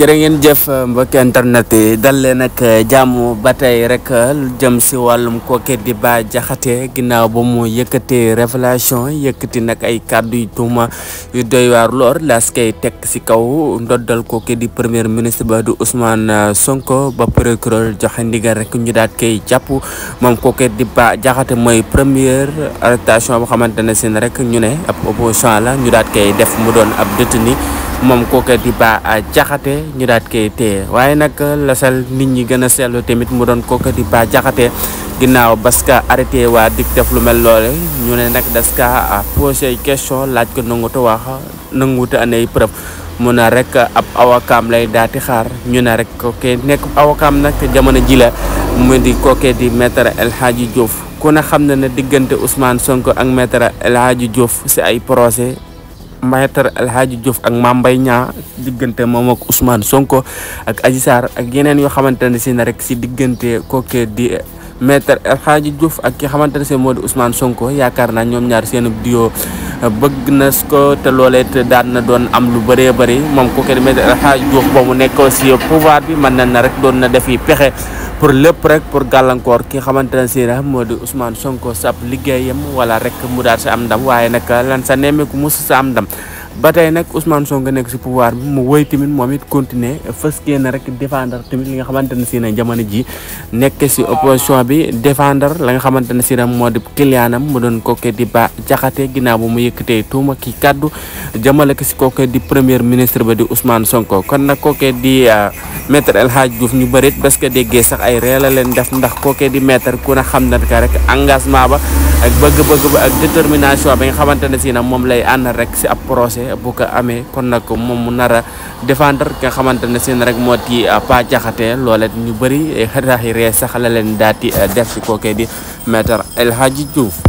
jërë ngeen jëf mbokki internet yi dal leen nag jàmm ba tey rek jëm si wàllum kooke di baa Diakhaté ginnaaw ba mu yëkkatee révélation yëkkati nag ay kàddu yu tuuma yu doy waar loor laas kay teg si kaw dal kooke di premier ministre ba di Ousmane Sonko ba procureur joxe ndigal rek ñu daat koy jàpp moom kooke di Bah Diakhaté mooy première arrestation boo xamante ne seen rek ñu ne ab opposition la ñu daat koy def mu doon ab détenu moom kooka di ba jaxate ñu daat koy téye waaye nag lasal nit ñi gën a seetlu tamit mu doon kooka baa ba jaxate ginnaaw baska arrêté waa dik def lu mel loole ñu ne nag daska posé question laaj ko nanguta wax nanguta anay preuve mu ne rek ab awakaam lay daati xaar ñu ne rek kookee nekk awakaam nag jamono ji la mu di kookee di maître El Hadji Diouf ku ne xam na diggante Ousmane Sonko ak maître El Hadji Diouf si ay projet Maître El Hadji Diouf ak Mame Mbaye Niang diggante moom ak usmaan Sonko ak Adji Sarr ak yeneen yoo xamante ne si ne rek si diggante kooku di Maître El Hadji Diouf ak ki xamante ne si moo di Ousmane Sonko yaakaar naa ñoom ñaar seen duo bëgg na su ko te loolee it daan na doon am lu bëree bëri moom ku ko demee xaaj Diouf ba mu nekk aussi pouvoir bi mën na na rek doon na def yi pexe pour lépp rek pour gàllankoor ki nga xamante ne si moo di Ousmane Sonko sab liggéeyam wala rek mu daal sa am ndam waaye nag lan sa nemmeeku mos sa am ndam. ba tey nag Ousmane Sonko nekk si pouvoir bi mu woy tamit moom it continuer fas kenn rek défendre tamit li nga xamante ne si ne jamono ji nekk si opposition bi défendre la nga xamante ne si ne moo di kiliyaanam mu doon kookee di ba jaxate ginnaaw ba mu yëkkatee tuuma ki kàddu jëmale ko si kookee di premier ministre ba di Ousmane Sonko kon nag kookee di. Euh, maître El Hadj Diouf ñu bërit parce que déggee sax ay ree la leen def ndax kookee di maître ku ne xam na ka rek engagement ba ak bëgg-bëgg ba ak détermination bi nga xamante ne si na moom lay ànd rek si ab procès bu ko amee kon nag moom mu nara a défendre ki nga xamante ne si rek moo ti euh, Pa Jaxate loolet ñu bëri xetax eh, yi ree sax la leen daati euh, def si kookee di maître El Hadj Diouf